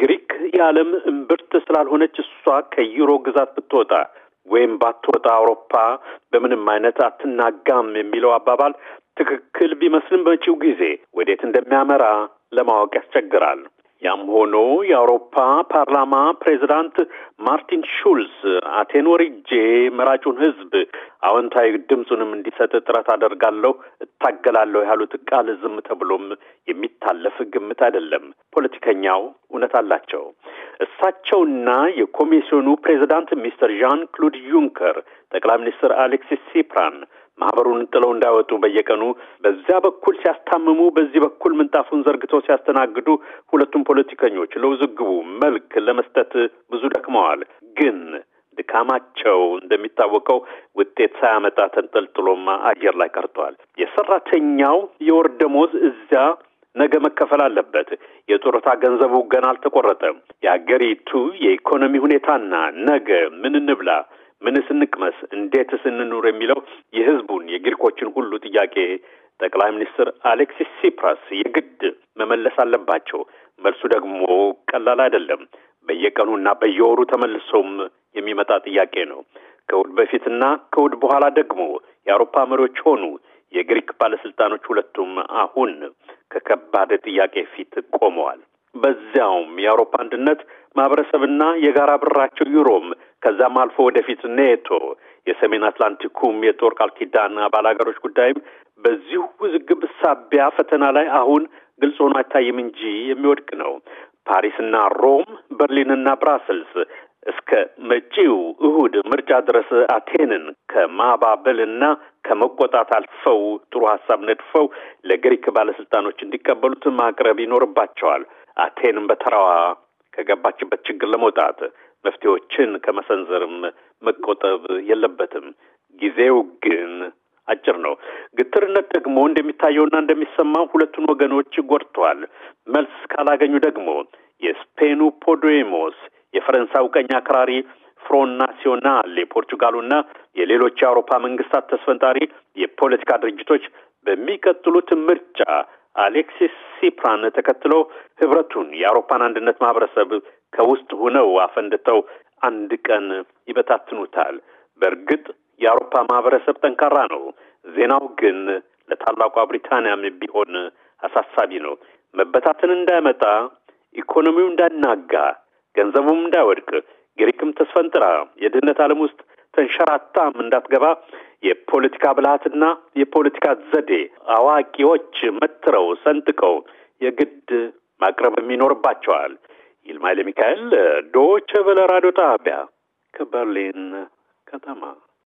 ግሪክ የዓለም እምብርት ስላልሆነች እሷ ከዩሮ ግዛት ብትወጣ ወይም ባትወጣ አውሮፓ በምንም አይነት አትናጋም የሚለው አባባል ትክክል ቢመስልም በመጪው ጊዜ ወዴት እንደሚያመራ ለማወቅ ያስቸግራል። ያም ሆኖ የአውሮፓ ፓርላማ ፕሬዚዳንት ማርቲን ሹልስ አቴን ወርጄ መራጩን ህዝብ አዎንታዊ ድምፁንም እንዲሰጥ ጥረት አደርጋለሁ፣ እታገላለሁ ያሉት ቃል ዝም ተብሎም የሚታለፍ ግምት አይደለም። ፖለቲከኛው እውነት አላቸው። እሳቸውና የኮሚሽኑ ፕሬዚዳንት ሚስተር ዣን ክሉድ ዩንከር፣ ጠቅላይ ሚኒስትር አሌክሲስ ሲፕራን ማህበሩን ጥለው እንዳይወጡ በየቀኑ በዚያ በኩል ሲያስታምሙ፣ በዚህ በኩል ምንጣፉን ዘርግተው ሲያስተናግዱ ሁለቱም ፖለቲከኞች ለውዝግቡ መልክ ለመስጠት ብዙ ደክመዋል። ግን ድካማቸው እንደሚታወቀው ውጤት ሳያመጣ ተንጠልጥሎማ አየር ላይ ቀርተዋል። የሰራተኛው የወር ደሞዝ እዚያ ነገ መከፈል አለበት። የጡረታ ገንዘቡ ገና አልተቆረጠም። የአገሪቱ የኢኮኖሚ ሁኔታና ነገ ምን እንብላ ምንስ እንቅመስ፣ እንዴትስ እንኑር የሚለው የህዝቡን የግሪኮችን ሁሉ ጥያቄ ጠቅላይ ሚኒስትር አሌክሲስ ሲፕራስ የግድ መመለስ አለባቸው። መልሱ ደግሞ ቀላል አይደለም። በየቀኑና በየወሩ ተመልሶም የሚመጣ ጥያቄ ነው። ከውድ በፊትና ከውድ በኋላ ደግሞ የአውሮፓ መሪዎች ሆኑ የግሪክ ባለስልጣኖች ሁለቱም አሁን ከከባድ ጥያቄ ፊት ቆመዋል። በዚያውም የአውሮፓ አንድነት ማህበረሰብና የጋራ ብራቸው ዩሮም ከዛም አልፎ ወደፊት ኔቶ የሰሜን አትላንቲኩም የጦር ቃል ኪዳን አባል ሀገሮች ጉዳይም በዚሁ ውዝግብ ሳቢያ ፈተና ላይ አሁን ግልጽ ሆኖ አይታይም እንጂ የሚወድቅ ነው። ፓሪስና ሮም፣ በርሊንና ብራስልስ እስከ መጪው እሁድ ምርጫ ድረስ አቴንን ከማባበልና ከመቆጣት አልፈው ጥሩ ሀሳብ ነድፈው ለግሪክ ባለስልጣኖች እንዲቀበሉት ማቅረብ ይኖርባቸዋል። አቴንን በተራዋ ከገባችበት ችግር ለመውጣት መፍትሄዎችን ከመሰንዘርም መቆጠብ የለበትም። ጊዜው ግን አጭር ነው። ግትርነት ደግሞ እንደሚታየውና እንደሚሰማው ሁለቱን ወገኖች ጎድቷል። መልስ ካላገኙ ደግሞ የስፔኑ ፖዴሞስ፣ የፈረንሳ ቀኝ አክራሪ ፍሮን ናሲዮናል፣ የፖርቹጋሉና የሌሎች የአውሮፓ መንግስታት ተስፈንጣሪ የፖለቲካ ድርጅቶች በሚቀጥሉት ምርጫ አሌክሲስ ሲፕራን ተከትሎ ህብረቱን የአውሮፓን አንድነት ማህበረሰብ ከውስጥ ሆነው አፈንድተው አንድ ቀን ይበታትኑታል። በእርግጥ የአውሮፓ ማህበረሰብ ጠንካራ ነው። ዜናው ግን ለታላቋ ብሪታንያም ቢሆን አሳሳቢ ነው። መበታትን እንዳይመጣ፣ ኢኮኖሚው እንዳይናጋ፣ ገንዘቡም እንዳይወድቅ፣ ግሪክም ተስፈንጥራ የድህነት ዓለም ውስጥ ተንሸራታም እንዳትገባ የፖለቲካ ብልሃትና የፖለቲካ ዘዴ አዋቂዎች መትረው ሰንጥቀው የግድ ማቅረብ የሚኖርባቸዋል። ይልማይለ ሚካኤል ዶቼ ቬለ ራዲዮ ጣቢያ ከበርሊን ከተማ